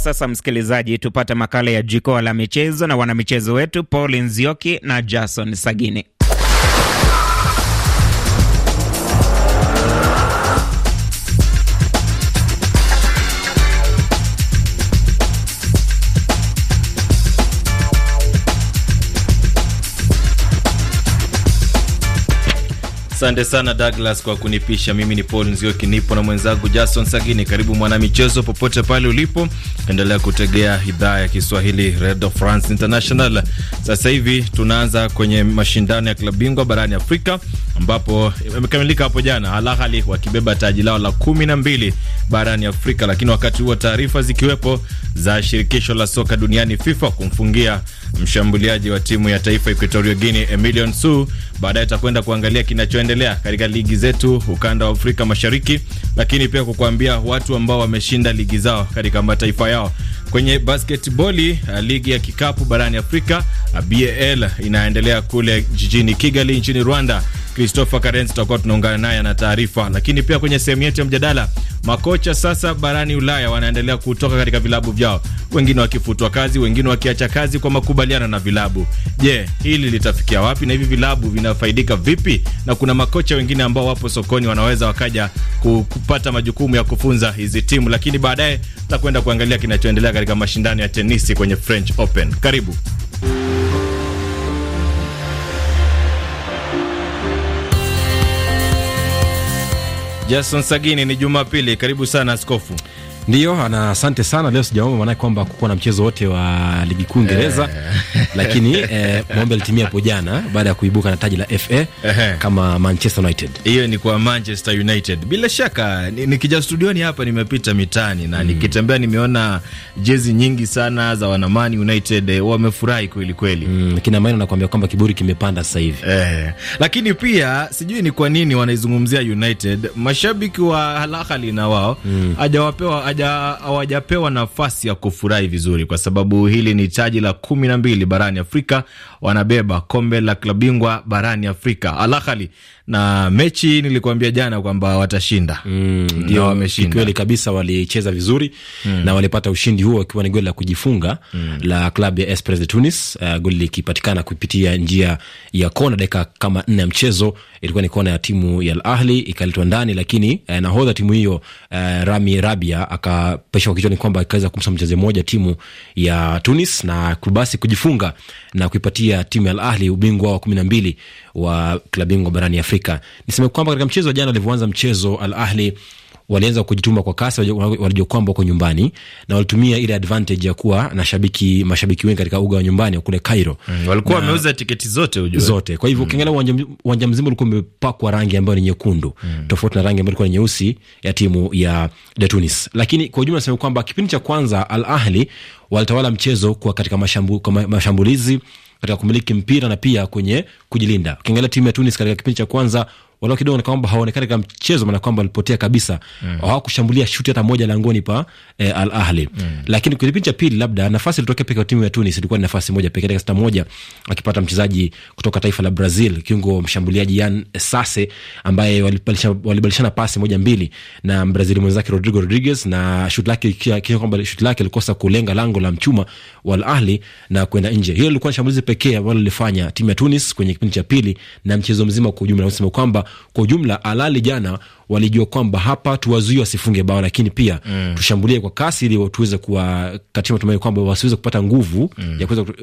sasa, msikilizaji, tupate makala ya jukwaa la michezo na wanamichezo wetu Paul Nzioki na Jason Sagini. Asante sana Douglas kwa kunipisha. Mimi ni Paul Nzioki, nipo na mwenzangu Jason Sagini. Karibu mwanamichezo, popote pale ulipo, endelea kutegea idhaa ya Kiswahili Radio France International. Sasa hivi tunaanza kwenye mashindano ya klabu bingwa barani Afrika ambapo imekamilika hapo jana, Al Ahly wakibeba taji lao la kumi na mbili barani Afrika. Lakini wakati huo taarifa zikiwepo za shirikisho la soka duniani FIFA kumfungia mshambuliaji wa timu ya taifa Equatorial Guinea Emilion Su. Baadaye tutakwenda kuangalia kinachoendelea katika ligi zetu ukanda wa Afrika Mashariki, lakini pia kukuambia watu ambao wameshinda ligi zao katika mataifa yao. Kwenye basketboli, eh, ligi ya kikapu barani Afrika eh, BAL inaendelea kule jijini Kigali nchini Rwanda Christopher Karenzi tutakuwa tunaungana naye ana taarifa. Lakini pia kwenye sehemu yetu ya mjadala, makocha sasa barani Ulaya wanaendelea kutoka katika vilabu vyao, wengine wakifutwa kazi, wengine wakiacha kazi kwa makubaliano na vilabu. Je, hili litafikia wapi na hivi vilabu vinafaidika vipi? Na kuna makocha wengine ambao wapo sokoni wanaweza wakaja kupata majukumu ya kufunza hizi timu, lakini baadaye tutakwenda kuangalia kinachoendelea katika mashindano ya tenisi kwenye French Open. Karibu. Jason Sagini, ni Jumapili. Karibu sana askofu. Ndio, na asante sana. Leo sijaomba, maanake kwamba kukuwa na mchezo wote wa ligi kuu Uingereza eh. lakini eh, maombi alitimia hapo jana baada ya kuibuka na taji la FA kama Manchester United. Hiyo ni kwa Manchester United. Bila shaka nikija ni studioni hapa, nimepita mitaani na mm, nikitembea nimeona jezi nyingi sana za wanamani United eh, wamefurahi kweli kweli. Mm, lakini Amaino nakuambia kwamba kiburi kimepanda sasa hivi eh, lakini pia sijui ni kwa nini wanaizungumzia United mashabiki wa Al Ahly na wao mm, hajawapewa hawajapewa nafasi ya kufurahi vizuri, kwa sababu hili ni taji la kumi na mbili barani Afrika, wanabeba kombe la klabu bingwa barani Afrika. Alahali na mechi nilikuambia jana kwamba watashinda, mm, ndio mm, wameshinda kweli kabisa. Walicheza vizuri mm, na walipata ushindi huo wakiwa ni goli la kujifunga mm, la klabu ya Esperance de Tunis, uh, goli likipatikana kupitia njia ya kona dakika kama nne ya mchezo. Ilikuwa ni kona ya timu ya Al Ahli ikaletwa ndani, lakini uh, nahodha timu hiyo uh, Rami Rabia akapeshwa kichwani kwamba ikaweza kumsa mchezo mmoja timu ya Tunis na basi kujifunga na kuipatia timu ya Al Ahli ubingwa wa kumi na mbili wa klabu bingwa barani Afrika. Niseme kwamba katika mchezo wa jana alivyoanza mchezo, Al Ahli walianza kujituma kwa kasi, walijua kwamba wako nyumbani na walitumia ile advantage ya kuwa na shabiki, mashabiki wengi katika uga wa nyumbani kule Cairo. Mm, walikuwa wameuza tiketi zote ujue, zote. Kwa hivyo mm, ukiangalia uwanja mzima ulikuwa umepakwa rangi ambayo ni nyekundu mm, tofauti na rangi ambayo ilikuwa ni nyeusi ya timu ya de Tunis. Lakini kwa ujumla nasema kwamba kipindi cha kwanza Al Ahli walitawala mchezo kwa katika mashambu, kwa mashambulizi katika kumiliki mpira na pia kwenye kujilinda. Ukiangalia timu ya Tunis katika kipindi cha kwanza walau kidogo ni kwamba hawaonekani kama mchezo, maana kwamba walipotea kabisa mm. hawakushambulia shuti hata moja langoni pa e, Al Ahli mm. Lakini kwa kipindi cha pili, labda nafasi ilitokea pekee timu ya Tunis, ilikuwa ni nafasi moja pekee katika sita moja, akipata mchezaji kutoka taifa la Brazil, kiungo mshambuliaji Yan Sase ambaye walibadilishana pasi moja mbili na Brazil mwenzake Rodrigo Rodriguez, na shuti lake kiasi kwamba shuti lake ilikosa kulenga lango la mchuma wa Al Ahli na kwenda nje. Hiyo ilikuwa shambulizi pekee ambalo lilifanya timu ya Tunis kwenye kipindi cha pili na mchezo mzima kwa ujumla, unasema kwamba kwa ujumla, Al Ahly jana walijua kwamba hapa tuwazuia wasifunge bao, lakini pia mm. tushambulie kwa kasi ili tuweze kuwakatia matumaini kwamba wasiweze kupata nguvu mm.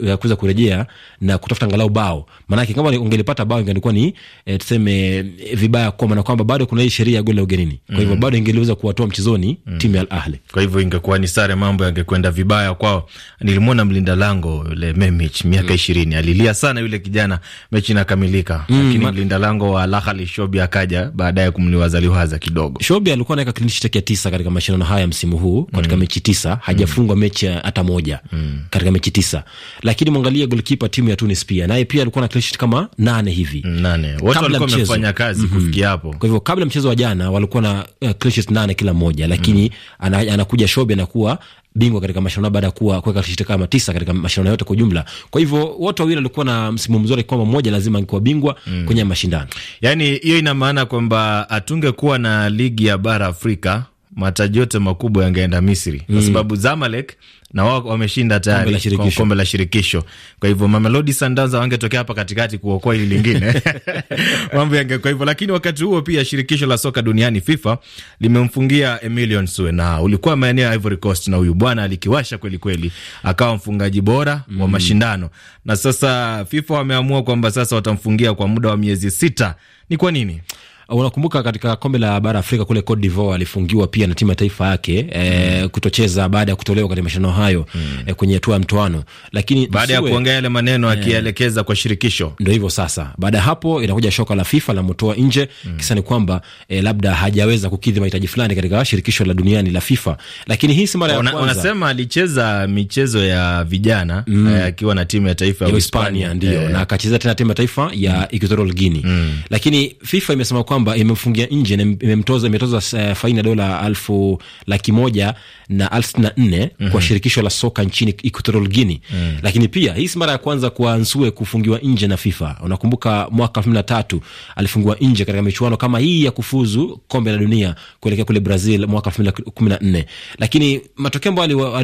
ya kuweza kurejea na kutafuta angalau bao. Maanake kama ungelipata bao ingalikuwa ni e, tuseme vibaya kwa maana kwamba bado kuna hii sheria ya goli la ugenini, kwa mm. hivyo mm. bado ingeliweza kuwatoa mchezoni mm. timu ya Al Ahli, kwa hivyo ingekuwa ni sare, mambo yangekwenda vibaya kwao. Nilimwona mlinda lango yule Memich miaka mm. ishirini mm. alilia sana yule kijana, mechi inakamilika, mm, lakini mlinda lango wa Al Ahli Shobi akaja baadaye kumliwazaliwa kuwaza kidogo. Shobi alikuwa anaweka clean sheet ya tisa katika mashindano haya msimu huu katika mm. mechi tisa hajafungwa mm. mechi hata moja mm. katika mechi tisa, lakini mwangalie golkipa timu ya Tunis pia naye pia alikuwa na clean sheet kama nane hivi mm, nane. Wote walikuwa wamefanya kazi mm -hmm. kufikia hapo. Kwa hivyo kabla mchezo wa jana walikuwa na uh, clean sheet nane kila moja, lakini mm. anakuja Shobi anakuwa bingwa katika mashindano baada ya kuwa kuweka kishita kama tisa katika mashindano yote kwa ujumla. Kwa hivyo wote wawili walikuwa na msimu mzuri kwamba mmoja lazima angekuwa bingwa mm. kwenye mashindano. Yaani hiyo ina maana kwamba atungekuwa na ligi ya bara Afrika mataji yote makubwa yangeenda Misri kwa mm. sababu Zamalek na wao wameshinda tayari kombe la shirikisho. Kwa hivyo Mamelodi Sundowns wangetokea hapa katikati kuokoa hili lingine, mambo yangekuwa hivyo. Lakini wakati huo pia shirikisho la soka duniani FIFA limemfungia Emilion Sue, na ulikuwa maeneo ya Ivory Coast, na huyu bwana alikiwasha kweli kweli, akawa mfungaji bora mm. wa mashindano. Na sasa FIFA wameamua kwamba sasa watamfungia kwa muda wa miezi sita. Ni kwa nini? Uh, unakumbuka katika kombe la bara Afrika kule Cote d'Ivoire alifungiwa pia na timu ya taifa yake e, kutocheza baada ya kutolewa katika mashindano hayo mm. e, kwenye hatua ya mtoano, lakini baada ya kuongea yale maneno eh. akielekeza kwa shirikisho. Ndio hivyo sasa, baada ya hapo inakuja shoka la FIFA la mtoa nje mm. kisa ni kwamba e, labda hajaweza kukidhi mahitaji fulani katika shirikisho la duniani la FIFA, lakini hii si mara ya kwanza. Unasema alicheza michezo ya vijana mm. akiwa mm. na timu ya taifa ya Hispania ndio, e. na akacheza tena timu ya taifa ya mm. Equatorial Guinea, mm. lakini FIFA imesema kwamba kwamba imemfungia nje na imemtoza imetoza eh, faini ya dola alfu laki moja na alfu na nne mm -hmm. kwa mhm. shirikisho la soka nchini Equatorial Guinea mm -hmm. Lakini pia hii si mara ya kwanza kwa Nsue kufungiwa nje na FIFA. Unakumbuka mwaka elfu mbili na tatu alifungiwa nje katika michuano kama hii ya kufuzu kombe la dunia kuelekea kule Brazil mwaka elfu mbili kumi na nne lakini matokeo ambayo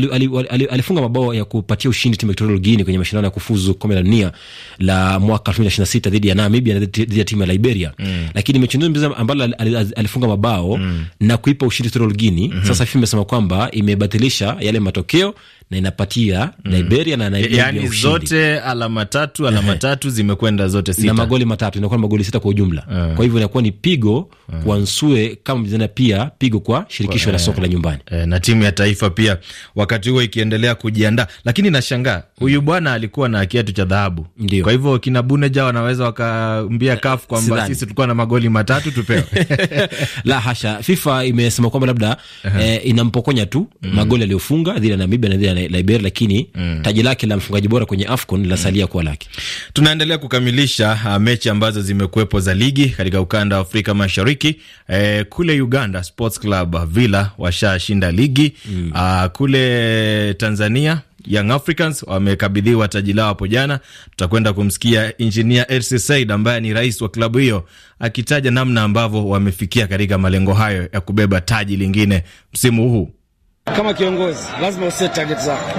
alifunga mabao ya kupatia ushindi timu Equatorial Guinea kwenye mashindano ya kufuzu kombe la dunia la mwaka elfu mbili na ishirini na sita dhidi ya Namibia na dhidi ya timu ya Liberia mm. Lakini mechi ambalo alifunga mabao mm. na kuipa ushindi Equatorial Guinea mm -hmm. Sasa FIFA imesema kwamba imebatilisha yale matokeo na inapatia Liberia mm. na Nigeria yani ushindi. Zote alama tatu, alama tatu zimekwenda zote sita na magoli matatu, inakuwa magoli sita kwa ujumla uh. Kwa hivyo inakuwa ni pigo uh. kwa Nsue kama mchezaji, pia pigo kwa shirikisho uh. la eh. soka la nyumbani uh. na timu ya taifa pia, wakati huo ikiendelea kujiandaa. Lakini nashangaa huyu mm. bwana alikuwa na kiatu cha dhahabu, kwa hivyo kina Buneja wanaweza wakaambia CAF kwamba sisi tulikuwa na magoli matatu tupewe. La hasha, FIFA imesema kwamba labda uh -huh. eh, inampokonya tu mm. magoli aliyofunga dhidi ya Namibia na dhidi ya Eh, Liberia, lakini mm. taji lake la mfungaji bora kwenye AFCON linasalia mm. kuwa lake. Tunaendelea kukamilisha uh, mechi ambazo zimekuwepo za ligi katika ukanda wa Afrika Mashariki. Eh, kule Uganda Sports Club Villa washashinda ligi mm. uh, kule Tanzania Young Africans wamekabidhiwa taji lao hapo jana. Tutakwenda kumsikia injinia RC Said ambaye ni rais wa klabu hiyo akitaja namna ambavyo wamefikia katika malengo hayo ya kubeba taji lingine msimu huu. Kama kiongozi lazima uset target zako,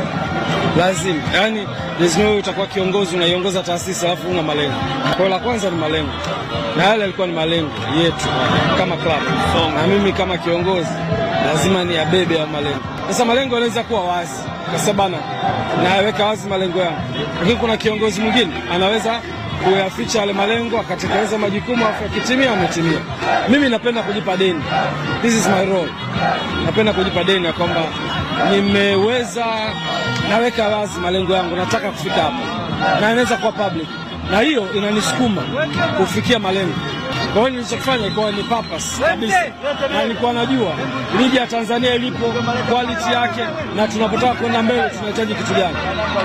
lazima yani, lazima wewe utakuwa kiongozi, unaiongoza taasisi alafu una malengo. Kwa la kwanza ni malengo, na yale yalikuwa ni malengo yetu kama club, na mimi kama kiongozi lazima ni abebe ya malengo. Sasa malengo yanaweza kuwa wazi, kwa sababu naweka wazi malengo yangu, lakini kuna kiongozi mwingine anaweza kuyaficha yale malengo, akatekeleza majukumu, afu akitimia ametimia. Mimi napenda kujipa deni, this is my role. Napenda kujipa deni ya kwamba nimeweza, naweka wazi malengo yangu, nataka kufika hapo, na inaweza kuwa public, na hiyo inanisukuma kufikia malengo. Kwa hiyo nilichofanya ilikuwa ni purpose kabisa, na nilikuwa najua ligi ya Tanzania ilipo, quality yake, na tunapotaka kwenda mbele tunahitaji kitu gani,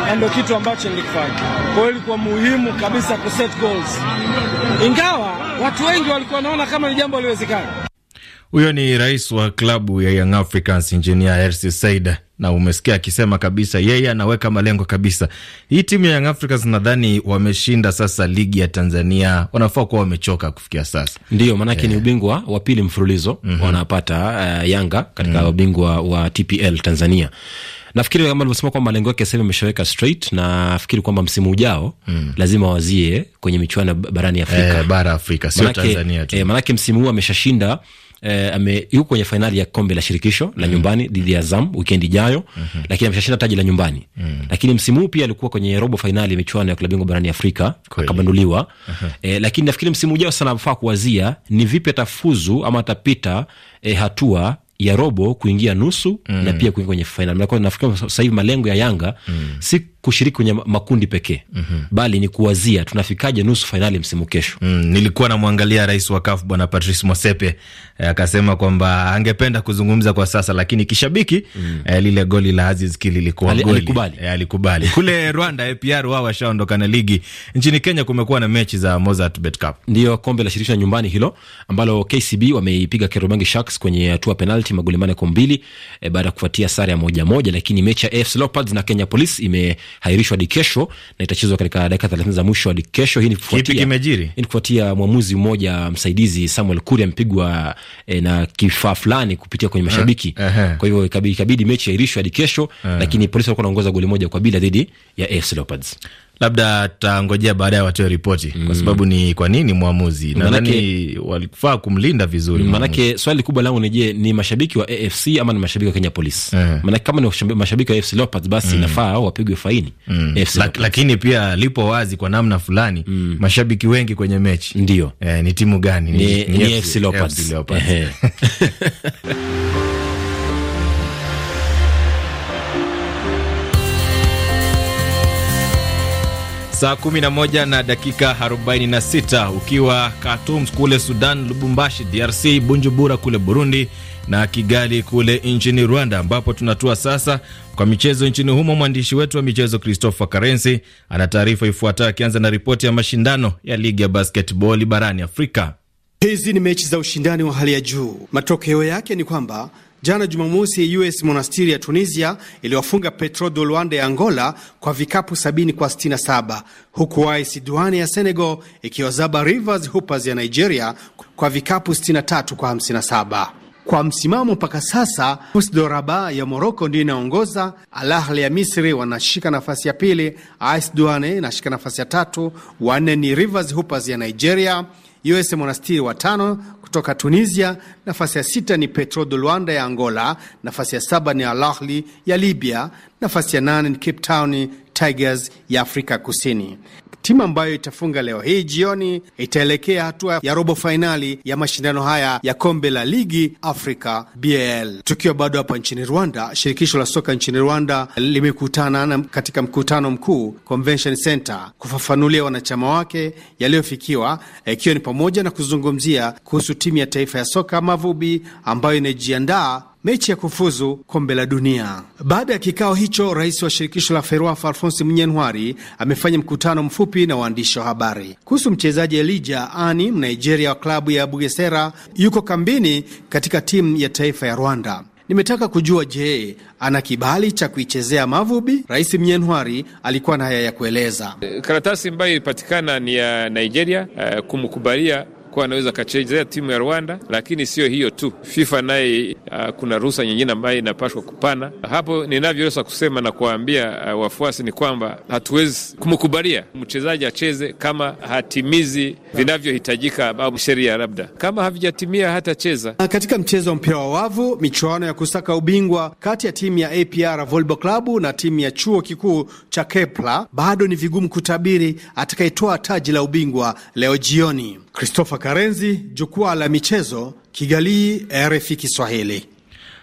na ndio kitu ambacho nilikifanya. Kwa hiyo ilikuwa muhimu kabisa set goals, ingawa watu wengi walikuwa naona kama ni jambo liwezekana. Huyo ni rais wa klabu ya Young Africans Engineer RC Saida, na umesikia akisema kabisa yeye anaweka malengo kabisa. Hii timu ya Young Africans nadhani wameshinda sasa ligi ya Tanzania, wanafaa kuwa wamechoka kufikia sasa. Ndio maanake yeah. ni eh. ubingwa wa pili mfululizo mm -hmm. wanapata uh, Yanga katika mm -hmm. ubingwa wa TPL Tanzania nafikiri kama alivyosema kwamba malengo yake sasa ameshaweka straight, na nafikiri kwamba msimu ujao mm. lazima wazie kwenye michuano barani Afrika, eh, bara Afrika sio Tanzania tu, eh, maanake msimu huu ameshashinda eh, ame yuko kwenye fainali ya kombe la shirikisho la mm. nyumbani mm. dhidi ya Azam weekend ijayo mm -hmm. lakini ameshashinda taji la nyumbani mm. lakini msimu huu pia alikuwa kwenye robo fainali ya michuano ya klabu bingwa barani Afrika akabanduliwa. uh -huh. Eh, lakini nafikiri msimu ujao sana anafaa kuwazia ni vipi atafuzu ama atapita eh, hatua ya robo kuingia nusu mm. na pia kuingia kwenye fainali. Nafikiri sasa hivi malengo ya Yanga mm. si kushiriki kwenye makundi pekee mm -hmm. bali ni kuwazia tunafikaje nusu fainali msimu kesho. Mm, nilikuwa namwangalia rais wa CAF bwana Patrice Motsepe eh, akasema e, kwamba angependa kuzungumza kwa sasa, lakini kishabiki mm. e, lile goli la Aziz Ki lilikuwa goli, alikubali, e, alikubali. Kule Rwanda APR wao washaondoka na ligi. Nchini Kenya kumekuwa na mechi za Mozart Bet Cup, ndio kombe la shirikisho nyumbani hilo ambalo KCB wameipiga Kerobangi Sharks kwenye hatua penalti magoli manne kwa mbili e, baada ya kufuatia sare ya moja moja, lakini mechi ya AFC Leopards na Kenya Police ime imeahirishwa hadi kesho na itachezwa katika dakika thelathini za mwisho hadi kesho. Hii ni kufuatia mwamuzi mmoja msaidizi Samuel kuri amepigwa e, na kifaa fulani kupitia kwenye eh, mashabiki uh, uh -huh. Kwa hivyo ikabidi mechi airishwe hadi kesho uh eh. -huh. Lakini polisi walikuwa wanaongoza goli moja kwa bila dhidi ya AFC Leopards labda baada baadaye watoe ripoti mm. kwa sababu ni kwa nini mwamuzi, nadhani walifaa kumlinda vizuri. Maanake swali kubwa langu ni je, ni mashabiki wa AFC ama ni mashabiki wa Kenya polisi Eh. Maanake kama ni mashabiki wa AFC Leopards basi mm. nafaa au wapigwe faini mm. La, lakini pia lipo wazi kwa namna fulani mm. mashabiki wengi kwenye mechi ndio eh, ni timu gani? Ni, ni, ni AFC Leopards. saa 11 na dakika 46 ukiwa Khartoum kule Sudan, Lubumbashi DRC, Bunjubura kule Burundi na Kigali kule nchini Rwanda, ambapo tunatua sasa kwa michezo nchini humo. Mwandishi wetu wa michezo Christopher Karensi ana taarifa ifuatayo, akianza na ripoti ya mashindano ya ligi ya basketball barani Afrika. Hizi ni mechi za ushindani wa hali ya juu. Matokeo yake ni kwamba Jana Jumamosi, US Monastiri ya Tunisia iliwafunga Petro de Luanda ya Angola kwa vikapu 70 kwa 67, huku AS Douanes ya Senegal ikiwazaba Rivers Hoopers ya Nigeria kwa vikapu 63 kwa 57. Kwa msimamo mpaka sasa, usdoraba ya Moroko ndiyo inaongoza. Al Ahly ya Misri wanashika nafasi ya pili, AS Douanes inashika nafasi ya tatu, wanne ni Rivers Hoopers ya Nigeria US Monastiri wa tano kutoka Tunisia. Nafasi ya sita ni Petro de Luanda ya Angola. Nafasi ya saba ni Al Ahly ya Libya. Nafasi ya nane ni Cape Town Tigers ya Afrika Kusini. Timu ambayo itafunga leo hii jioni itaelekea hatua ya robo fainali ya mashindano haya ya kombe la ligi Afrika BAL. Tukiwa bado hapa nchini Rwanda, shirikisho la soka nchini Rwanda limekutana katika mkutano mkuu Convention Center kufafanulia wanachama wake yaliyofikiwa, ikiwa e, ni pamoja na kuzungumzia kuhusu timu ya taifa ya soka Mavubi ambayo inajiandaa mechi ya kufuzu kombe la dunia. Baada ya kikao hicho, rais wa shirikisho la FERWAFA Alfonsi Mnyenwari amefanya mkutano mfupi na waandishi wa habari kuhusu mchezaji Elija Ani, Mnigeria wa klabu ya Bugesera, yuko kambini katika timu ya taifa ya Rwanda. Nimetaka kujua, je, ana kibali cha kuichezea Mavubi? Rais Mnyenwari alikuwa na haya ya kueleza. Karatasi ambayo ilipatikana ni ya Nigeria eh, kumkubalia kuwa anaweza akachezea timu ya Rwanda, lakini sio hiyo tu. FIFA naye uh, kuna ruhusa nyingine ambayo inapashwa kupana. Hapo ninavyoweza kusema na kuwaambia uh, wafuasi ni kwamba hatuwezi kumkubalia mchezaji acheze kama hatimizi vinavyohitajika au sheria labda kama havijatimia hatacheza. Katika mchezo wa mpira wa wavu, michuano ya kusaka ubingwa kati ya timu ya APR Volleyball Club na timu ya chuo kikuu cha Kepler, bado ni vigumu kutabiri atakayetoa taji la ubingwa leo jioni. Christopher Karenzi, jukwaa la michezo, Kigali, RFI Kiswahili.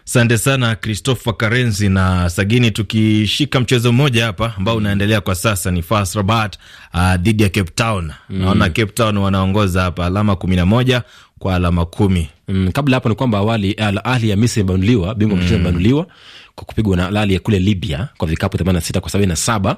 Asante sana Christopher Karenzi na Sagini. Tukishika mchezo mmoja hapa ambao unaendelea kwa sasa ni FAS Rabat uh, dhidi ya Cape Town. Mm. Naona Cape Town wanaongoza hapa alama kumi na moja kwa alama kumi. Mm, kabla hapo ni kwamba awali Al Ahli ya Misri imebanuliwa bingwa mtetezi, imebanuliwa mm. kwa kupigwa na Al Ahli ya kule Libya kwa vikapu 86 kwa 77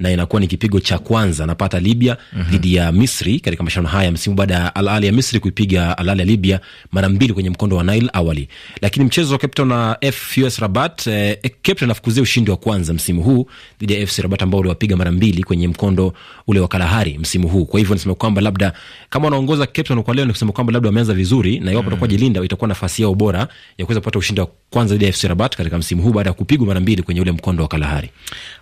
na inakuwa ni kipigo cha kwanza napata Libya mhm. dhidi mm -hmm. ya Misri katika mashindano haya ya msimu baada ya Al Ahly ya Misri kuipiga Al Ahly ya Libya mara mbili kwenye mkondo wa Nile awali. Lakini mchezo wa Cape na FUS Rabat, eh, eh, Cape Town ushindi wa kwanza msimu huu dhidi ya FC Rabat ambao uliwapiga mara mbili kwenye mkondo ule wa Kalahari msimu huu. Kwa hivyo nisema kwamba labda kama wanaongoza Cape kwa leo ni kusema kwamba labda wameanza vizuri na iwapo mm. watakuwa mm -hmm. jilinda itakuwa nafasi yao bora ya kuweza kupata ushindi wa kwanza dhidi ya FC Rabat katika msimu huu baada ya kupigwa mara mbili kwenye ule mkondo wa Kalahari.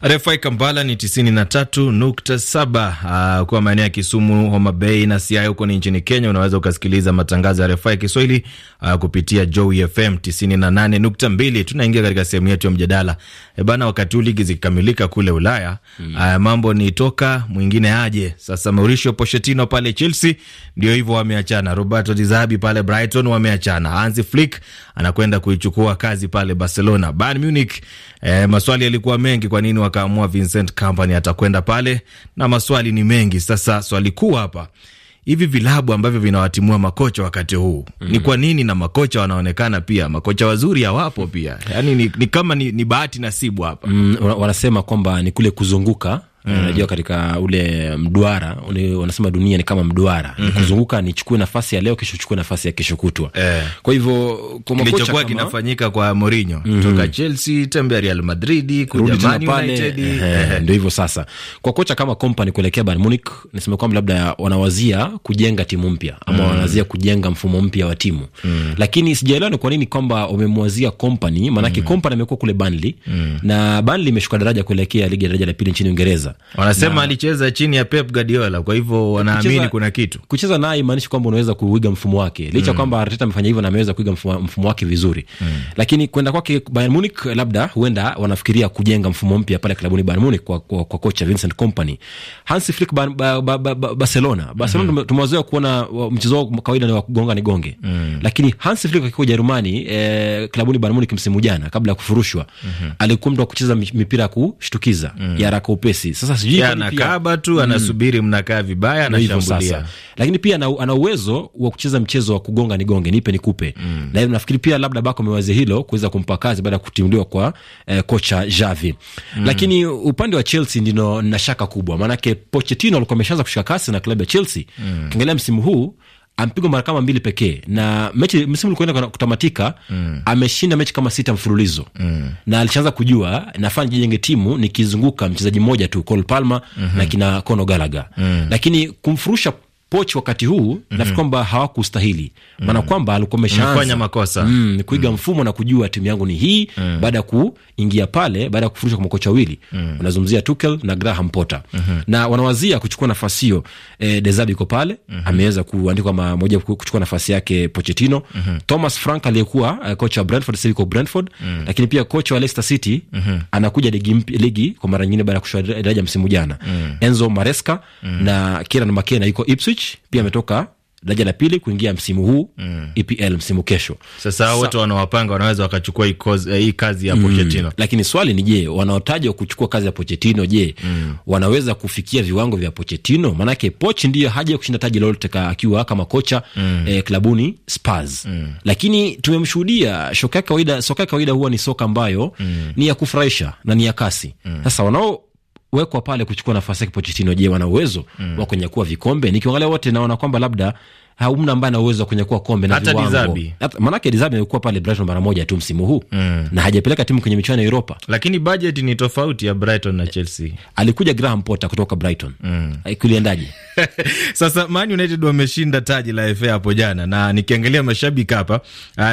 RFI Kampala ni 90 93.7 ah, kwa maeneo ya Kisumu, Homa Bay na Siaya. Huko ni nchini Kenya, unaweza ukasikiliza matangazo ya RFI Kiswahili ah, kupitia Joy FM 98.2. Tunaingia katika sehemu yetu ya mjadala e bana, wakati huu ligi zikikamilika kule Ulaya mm. A, ah, mambo ni toka mwingine aje sasa. Mauricio Pochettino pale Chelsea ndio hivyo, wameachana. Roberto Di Zabi pale Brighton wameachana. Hansi Flick anakwenda kuichukua kazi pale Barcelona. Bayern Munich E, maswali yalikuwa mengi, kwa nini wakaamua Vincent Company atakwenda pale, na maswali ni mengi. Sasa swali kuu hapa hivi vilabu ambavyo vinawatimua makocha wakati huu mm. ni kwa nini na makocha wanaonekana pia makocha wazuri hawapo pia, yani ni, ni kama ni, ni bahati nasibu hapa mm, wanasema kwamba ni kule kuzunguka Unajua, mm. eh, katika ule mduara wanasema dunia ni kama mduara, mm -hmm. kuzunguka, nichukue nafasi ya leo, kesho chukue nafasi ya kesho kutwa eh. Kwa hivyo kilichokuwa kinafanyika kwa Mourinho mm -hmm. toka Chelsea tembea Real Madrid kuja Man United eh, ndio hivyo sasa. Kwa kocha kama Kompany kuelekea Bayern Munich, nisema kwamba labda wanawazia kujenga timu mpya ama mm. wanawazia kujenga mfumo mpya wa timu mm. lakini sijaelewa ni kwa nini kwamba wamemwazia Kompany, maanake mm. Kompany amekuwa kule Burnley mm. na Burnley imeshuka daraja kuelekea ligi ya daraja la pili nchini Uingereza Wanasema na, alicheza chini ya Pep Guardiola, kwa hivyo wanaamini kuna kitu. Kucheza naye imaanishi kwamba unaweza kuiga mfumo wake, licha mm. kwamba Arteta amefanya hivyo na ameweza kuiga mfumo wake vizuri mm. lakini kwenda kwake Bayern Munich, labda huenda wanafikiria kujenga mfumo mpya pale klabuni Bayern Munich kwa, kwa, kwa kocha Vincent Kompany. Hansi Flick ba, ba, ba, ba, Barcelona, Barcelona mm. tumewazoea kuona mchezo wao kawaida ni wakugonga ni gonge mm. lakini Hansi Flick akiwa Ujerumani eh, klabuni Bayern Munich msimu jana kabla ya kufurushwa mm -hmm. alikuwa mtu wa kucheza mipira ya kushtukiza mm. ya raka upesi sasa sijui anakaba tu mm. anasubiri, mnakaa vibaya, anashambulia. Lakini pia ana uwezo wa kucheza mchezo wa kugonga nigonge, nipe nikupe. Mm. Na hivyo nafikiri pia labda Bako amewazia hilo kuweza kumpa kazi baada ya kutimuliwa kwa eh, kocha Javi. Mm. Lakini upande wa Chelsea ndino na shaka kubwa, maanake Pochettino alikuwa ameshaanza kushika kasi na klabu ya Chelsea. Mm. Ukiangalia msimu huu amepigwa mara kama mbili pekee, na mechi msimu ulikoenda kutamatika mm. ameshinda mechi kama sita mfululizo mm. na alishaanza kujua nafaa jijenge timu nikizunguka mchezaji mmoja tu Cole Palmer mm -hmm. na kina Conor Gallagher mm. lakini kumfurusha Poch wakati huu mm -hmm. nafikiri mhm. kwamba hawakustahili maana mm -hmm. kwamba alikuwa ameshaanza makosa mm, kuiga mm -hmm. mfumo na kujua timu yangu ni hii mm -hmm. baada ya kuingia pale, baada ya kufurushwa kwa makocha wawili mm -hmm. unazungumzia Tuchel na Graham Potter mm -hmm. na wanawazia kuchukua nafasi hiyo. E, Dezabi iko pale mm -hmm. ameweza kuandikwa moja kuchukua nafasi yake Pochettino mm -hmm. Thomas Frank aliyekuwa uh, kocha Brentford sasa yuko Brentford mm -hmm. lakini pia kocha wa Leicester City mm -hmm. anakuja ligi, ligi kwa mara nyingine baada ya kushuka daraja msimu jana mm -hmm. Enzo Maresca mm -hmm. na Kieran McKenna yuko Ipswich Norwich pia ametoka daraja la pili kuingia msimu huu mm. EPL msimu kesho. Sasa hao wote wanawapanga wanaweza wakachukua hii eh, kazi ya mm. Pochettino mm. lakini swali ni je, wanaotajwa kuchukua kazi ya Pochettino, je, mm. wanaweza kufikia viwango vya Pochettino? Maanake Poch ndiyo haja ya kushinda taji lolote akiwa kama kocha mm. eh, klabuni Spurs mm. lakini tumemshuhudia soka ya kawaida. Soka ya kawaida huwa ni soka ambayo mm. ni ya kufurahisha na ni ya kasi mm. sasa wanao wekwa pale kuchukua nafasi yake Pochettino. Je, wana uwezo mm. wa kunyakua vikombe? Nikiangalia wote naona kwamba labda hamna ambaye ana uwezo wa kunyakua kombe na viwango. Maanake Dizabi amekuwa pale Brighton mara moja tu msimu huu mm. na hajapeleka timu kwenye michuano ya Europa, lakini budget ni tofauti ya Brighton na Chelsea. Alikuja Graham Potter kutoka Brighton mm. kuliendaje? Sasa Man United wameshinda taji la FA hapo jana, na nikiangalia mashabiki hapa,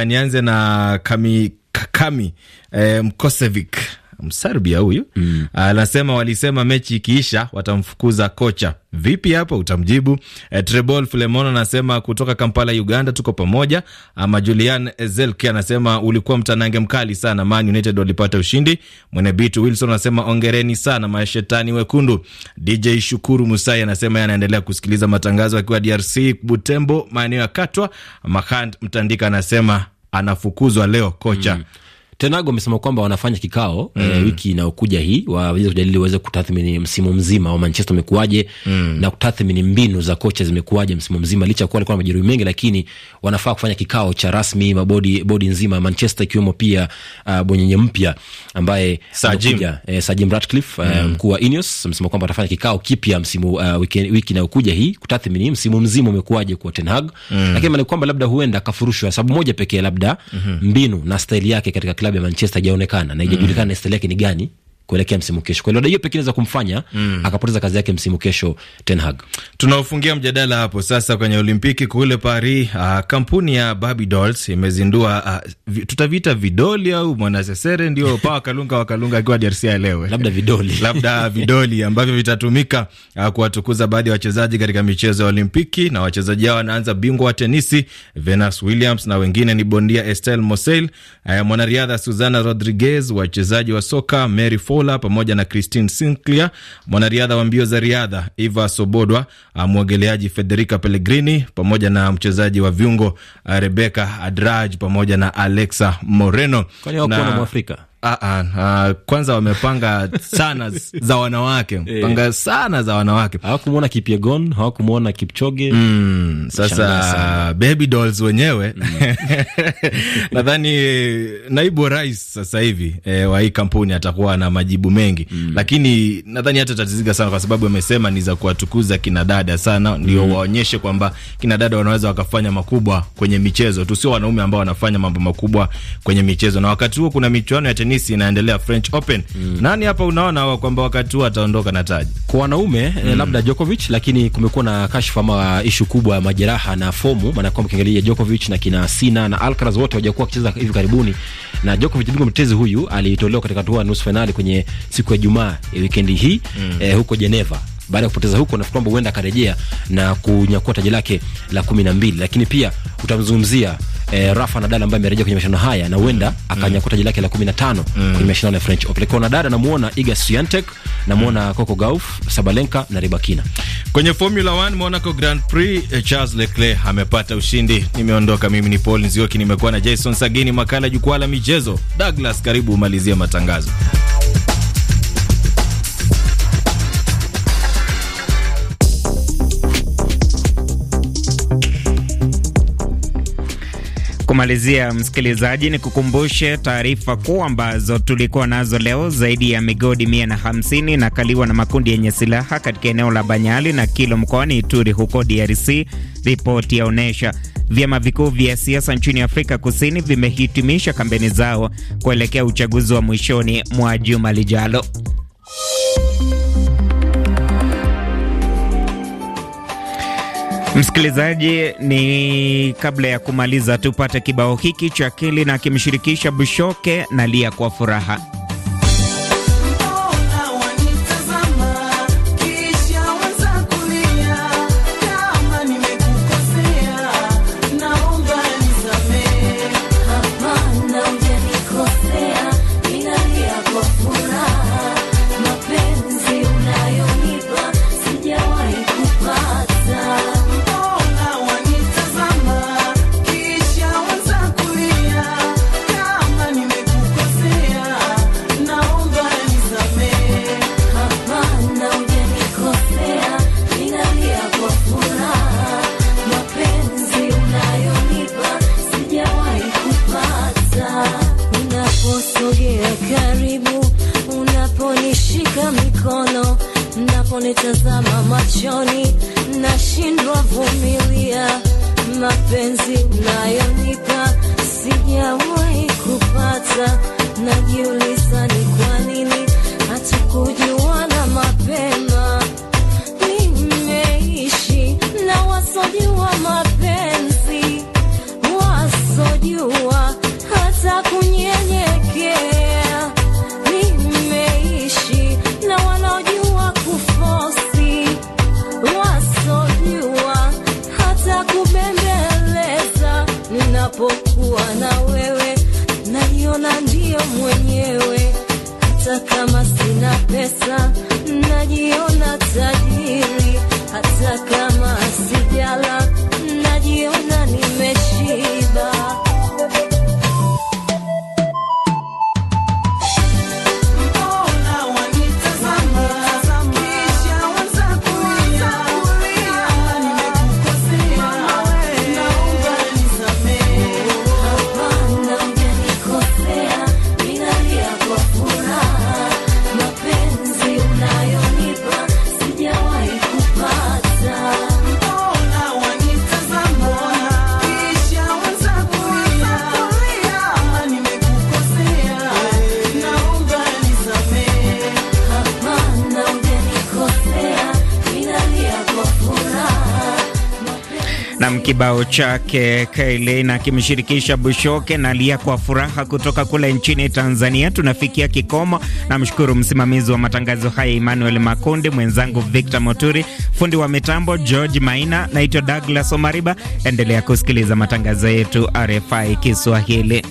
nianze na Kami kami eh, Mkosevic Msarbia huyu mm. Ah, anasema walisema mechi ikiisha watamfukuza kocha. Vipi hapo utamjibu? E, eh, Trebol Filemon anasema kutoka Kampala, Uganda, tuko pamoja. Ama Julian Zelke anasema ulikuwa mtanange mkali sana, Man United walipata ushindi. Mwene Mwenebitu Wilson anasema ongereni sana mashetani wekundu. DJ Shukuru Musai anasema anaendelea kusikiliza matangazo akiwa DRC, Butembo, maeneo ya Katwa. Mahand Mtandika anasema anafukuzwa leo kocha mm. Tenago amesema kwamba wanafanya kikao eh, mm. e, wiki inayokuja hii waweze kujadili waweze kutathmini msimu mzima wa Manchester umekuwaje mm. na kutathmini mbinu za kocha zimekuwaje msimu mzima, licha ya kuwa alikuwa na majeruhi mengi, lakini wanafaa kufanya kikao cha rasmi mabodi bodi nzima Manchester, ikiwemo pia uh, bwenyenye mpya ambaye anakuja eh, Sir Jim Ratcliffe eh, mm. mkuu wa Ineos amesema kwamba atafanya kikao kipya msimu uh, wiki, wiki inayokuja hii kutathmini msimu mzima umekuwaje kwa Ten mm. lakini maana kwamba labda huenda akafurushwa sababu moja pekee, labda mm -hmm. mbinu na staili yake katika klabu ya Manchester haijaonekana na haijajulikana mm. historia yake ni gani kuelekea msimu kesho. Kwa hiyo ndio pekee inaweza kumfanya mm, akapoteza kazi yake msimu kesho Ten Hag. Tunaofungia mjadala hapo sasa kwenye Olimpiki kule Paris, uh, kampuni ya Barbie Dolls imezindua uh, ah, tutavita vidoli au mwanasesere ndio pa wakalunga wakalunga akiwa DRC elewe. Labda vidoli. Labda vidoli ambavyo vitatumika uh, kuwatukuza baadhi ya wachezaji katika michezo ya Olimpiki na wachezaji hao wanaanza bingwa wa tenisi Venus Williams na wengine ni bondia Estelle Mosel, uh, mwanariadha Susana Rodriguez, wachezaji wa soka Mary Ford, Mwapola pamoja na Christine Sinclair, mwanariadha wa mbio za riadha Eva Sobodwa, ah, mwogeleaji Federica Pellegrini pamoja na mchezaji wa viungo ah, Rebecca Adraj pamoja na Alexa Moreno na... Mwafrika Aa, uh, ah, ah, kwanza wamepanga sana za wanawake eh. panga sana za wanawake, hawakumwona Kipyegon, hawakumwona Kipchoge. Mm, sasa baby dolls wenyewe mm. nadhani eh, naibu wa rais sasa hivi e, wa hii kampuni atakuwa na majibu mengi mm. lakini nadhani hata tatizika sana, kwa sababu amesema ni za kuwatukuza kinadada sana, ndio mm. waonyeshe kwamba kinadada wanaweza wakafanya makubwa kwenye michezo tu, sio wanaume ambao wanafanya mambo makubwa kwenye michezo, na wakati huo kuna michuano ya tenisi Tenisi inaendelea French Open. Mm. Nani hapa unaona wa kwamba wakati huu ataondoka na taji? Kwa wanaume eh, mm. eh, labda Djokovic, lakini kumekuwa na kashfa ama issue kubwa ya majeraha na fomu, maana kwamba ukiangalia Djokovic na kina Sina na Alcaraz wote hawajakuwa kucheza hivi karibuni, na Djokovic bingwa mtetezi huyu alitolewa katika hatua nusu finali kwenye siku ya Jumaa ya wikendi hii mm. eh, huko Geneva baada ya kupoteza huko, nafikiri kwamba huenda akarejea na kunyakua taji lake la kumi na mbili, lakini pia utamzungumzia e, Rafa Nadal ambaye amerejea kwenye mashindano haya na huenda mm. akanyakua taji lake la 15 mm. kwenye mashindano ya French Open. Kwa Nadal namuona Iga Swiatek, namuona mm. Coco Gauff, Sabalenka na Rybakina. Kwenye Formula 1 Monaco Grand Prix, eh, Charles Leclerc amepata ushindi. Nimeondoka mimi ni Paul Nzioki, nimekuwa na Jason Sagini, makala jukwaa la michezo. Douglas, karibu umalizie matangazo. kumalizia, msikilizaji, ni kukumbushe taarifa kuu ambazo tulikuwa nazo leo. Zaidi ya migodi 150 na inakaliwa na makundi yenye silaha katika eneo la Banyali na Kilo mkoani Ituri huko DRC, ripoti yaonyesha. Vyama vikuu vya siasa nchini Afrika Kusini vimehitimisha kampeni zao kuelekea uchaguzi wa mwishoni mwa juma lijalo. Msikilizaji, ni kabla ya kumaliza tupate kibao hiki cha Kili na kimshirikisha Bushoke na lia kwa furaha. Kibao chake Kailena kimshirikisha Bushoke na lia kwa furaha kutoka kule nchini Tanzania. Tunafikia kikomo. Namshukuru msimamizi wa matangazo haya Emmanuel Makundi, mwenzangu Victor Moturi, fundi wa mitambo George Maina. Naitwa Douglas Omariba. Endelea kusikiliza matangazo yetu RFI Kiswahili.